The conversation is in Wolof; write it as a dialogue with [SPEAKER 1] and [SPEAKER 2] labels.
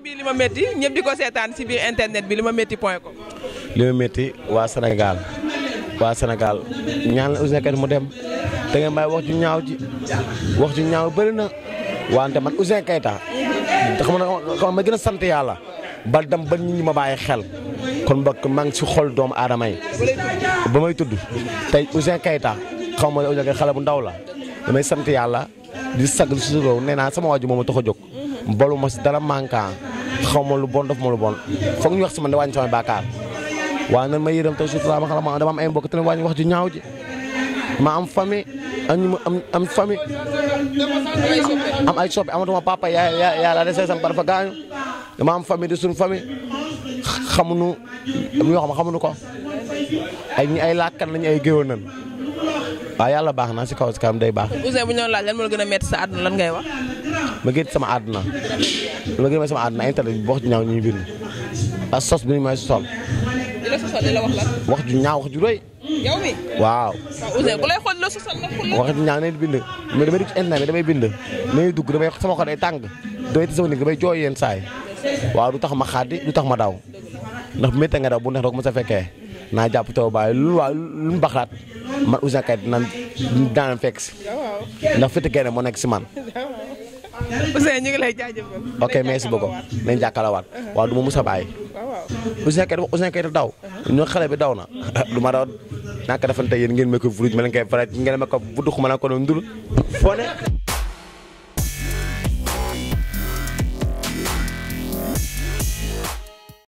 [SPEAKER 1] ci biir li ma métti ñëpp di ci biir internet bi li point com. li ma métti waa Sénégal waa ñaan la mu dem da wax ju ñaaw wax ju ñaaw na wante man Ouzin Keita xam nga ma gën Bal sant ba nit ñi ma xel kon mbokk maa ngi ci xol doomu aadama ba may tudd tey Ouzin Keita xaw ma Ouzin bu ndaw la damay di su sama waaju moom a tax bolu ma si dara manquant xaw ma lu bon def ma lu bon foog ñu wax si man ne wàññi sama bàkkaar waaye nan ma yërëm te sutura ma dama am ay mbokk te wàññi wax ju ñaaw ji ma am famille am am famille am ay soppi amatuma papa yaa yàlla desee sam am famille di suñu famille xamuñu am xamuñu ko ay ñi ay làkkan lañu ay géwoon nan waaw yàlla baax naa si kaw si kawam day baax. Ouzin bu ñu doon laaj lan moo la gën a métti sa ngay wax. ma gën sama àdduna ma gën sama àdduna internet bi wax ju ñaaw ñuy bind ak sos la sosal di la wax lan. ju ñaaw ju rëy. yow mi waaw. wax ju ñaaw nañ bind mais damay dugg ci internet bi damay bind damay dugg damay sama xol day tàng damay tëj sama nit damay jooy yenn saay waaw du tax ma xaadi du tax ma daw ndax métti nga daw bu neex rek ma sa fekkee. naa jàpp taw baay lu waa lu mu baxlaat man Ouzin Keita dina dina fekk si ndax fitu moo nekk si man. Ouzin ñu ngi lay jaajëfal. ok merci beaucoup nañ jàkkalawaat waaw du ma mus a bàyyi. Ouzin Keita Ouzin Keita daw. ñoo xale bi daw na. du ma daw naa ko defante yéen ngeen ma ko vuruj ma leen koy faral ngeen ma ko ko doon ndul foo